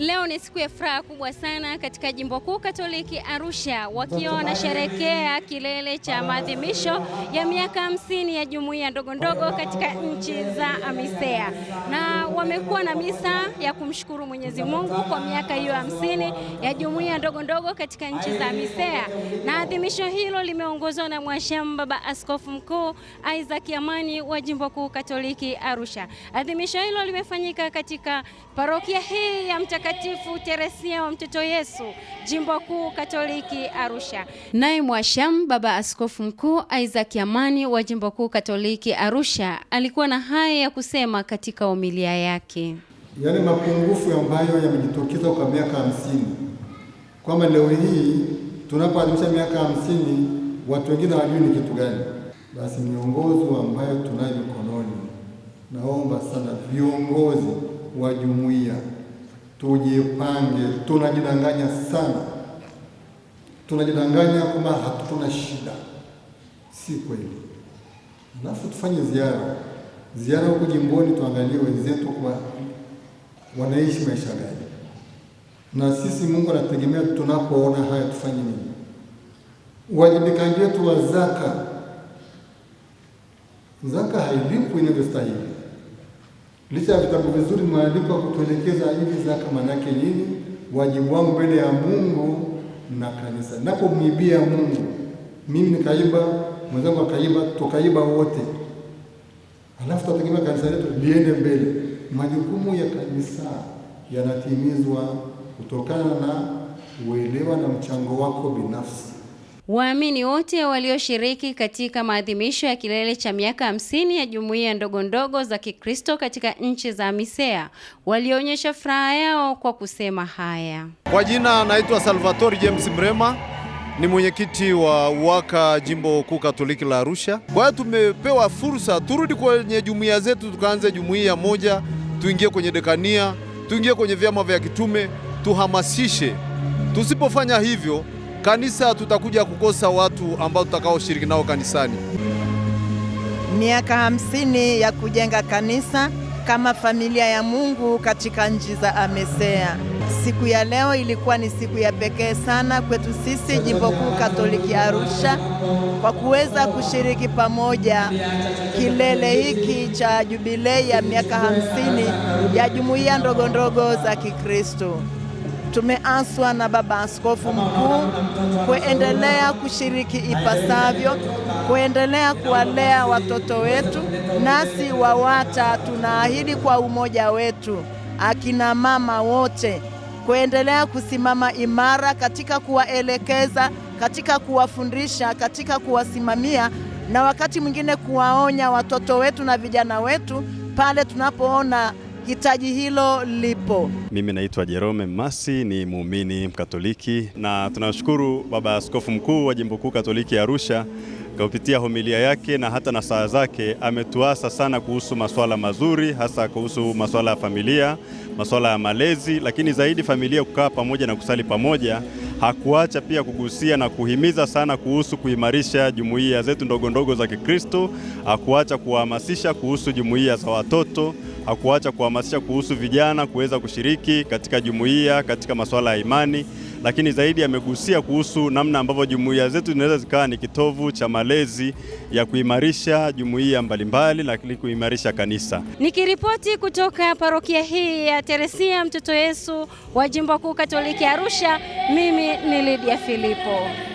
Leo ni siku ya furaha kubwa sana katika Jimbo Kuu Katoliki Arusha, wakiwa wanasherekea kilele cha maadhimisho ya miaka hamsini ya jumuiya ndogondogo katika nchi za AMISEA, na wamekuwa na misa ya kumshukuru Mwenyezi Mungu kwa miaka hiyo hamsini ya jumuiya ndogo katika nchi za AMISEA, na adhimisho hilo limeongozwa na Mhashamu Baba Askofu Mkuu Isaac Amani wa Jimbo Kuu Katoliki Arusha. Adhimisho hilo limefanyika katika parokia hii ya mtaka Mtakatifu Teresia wa Mtoto Yesu, Jimbo Kuu Katoliki Arusha. Naye Mwasham Baba Askofu Mkuu Isaac Amani wa Jimbo Kuu Katoliki Arusha alikuwa na haya ya kusema katika homilia yake. yaani mapungufu ambayo ya yamejitokeza kwa miaka hamsini, kwamba leo hii tunapoadhimisha miaka hamsini watu wengine hawajui ni kitu gani. Basi miongozo ambayo tunayo mikononi, naomba sana viongozi wa jumuiya Tujipange, tunajidanganya sana, tunajidanganya kwamba hatuna shida. Si kweli. Alafu tufanye ziara, ziara huko jimboni, tuangalie wenzetu kwa wanaishi maisha gani, na sisi Mungu anategemea tunapoona haya tufanye nini. Uwajibikaji wetu wa zaka, zaka hailipwi inavyostahili Licha ya vitabu vizuri mwandiko kutuelekeza hivi zaka manake nini, wajibu wangu mbele ya Mungu na kanisa, napomwibia Mungu mimi nikaiba, mwenzangu akaiba, tukaiba wote, alafu tutategemea kanisa letu liende mbele. Majukumu ya kanisa yanatimizwa kutokana na uelewa na mchango wako binafsi. Waamini wote walioshiriki katika maadhimisho ya kilele cha miaka hamsini ya jumuiya ndogo ndogo za Kikristo katika nchi za misea walionyesha furaha yao kwa kusema haya. Kwa jina naitwa Salvatore James Mrema, ni mwenyekiti wa UWAKA jimbo kuu Katoliki la Arusha. Kwa hiyo tumepewa fursa turudi kwenye jumuiya zetu, tukaanze jumuiya moja, tuingie kwenye dekania, tuingie kwenye vyama vya kitume, tuhamasishe. Tusipofanya hivyo kanisa tutakuja kukosa watu ambao tutakaoshiriki nao kanisani. Miaka hamsini ya kujenga kanisa kama familia ya Mungu katika nchi za AMESEA. Siku ya leo ilikuwa ni siku ya pekee sana kwetu sisi Jimbo Kuu Katoliki Arusha kwa kuweza kushiriki pamoja kilele hiki cha jubilei ya miaka hamsini ya jumuiya ndogondogo za Kikristo tumeaswa na Baba Askofu Mkuu kuendelea kushiriki ipasavyo, kuendelea kuwalea watoto wetu. Nasi WAWATA tunaahidi kwa umoja wetu, akina mama wote, kuendelea kusimama imara katika kuwaelekeza, katika kuwafundisha, katika kuwasimamia na wakati mwingine kuwaonya watoto wetu na vijana wetu pale tunapoona hitaji hilo lipo. Mimi naitwa Jerome Masi, ni muumini Mkatoliki, na tunashukuru Baba Askofu Mkuu wa Jimbo Kuu Katoliki Arusha kupitia homilia yake na hata na saa zake ametuasa sana kuhusu masuala mazuri, hasa kuhusu masuala ya familia, masuala ya malezi, lakini zaidi familia kukaa pamoja na kusali pamoja hakuacha pia kugusia na kuhimiza sana kuhusu kuimarisha jumuiya zetu ndogo ndogo za Kikristo. Hakuacha kuhamasisha kuhusu jumuiya za watoto, hakuacha kuhamasisha kuhusu vijana kuweza kushiriki katika jumuiya katika masuala ya imani lakini zaidi amegusia kuhusu namna ambavyo jumuiya zetu zinaweza zikawa ni kitovu cha malezi ya kuimarisha jumuiya mbalimbali, lakini kuimarisha kanisa. Nikiripoti kutoka parokia hii ya Teresia Mtoto Yesu wa Jimbo Kuu Katoliki Arusha, mimi ni Lydia Filipo.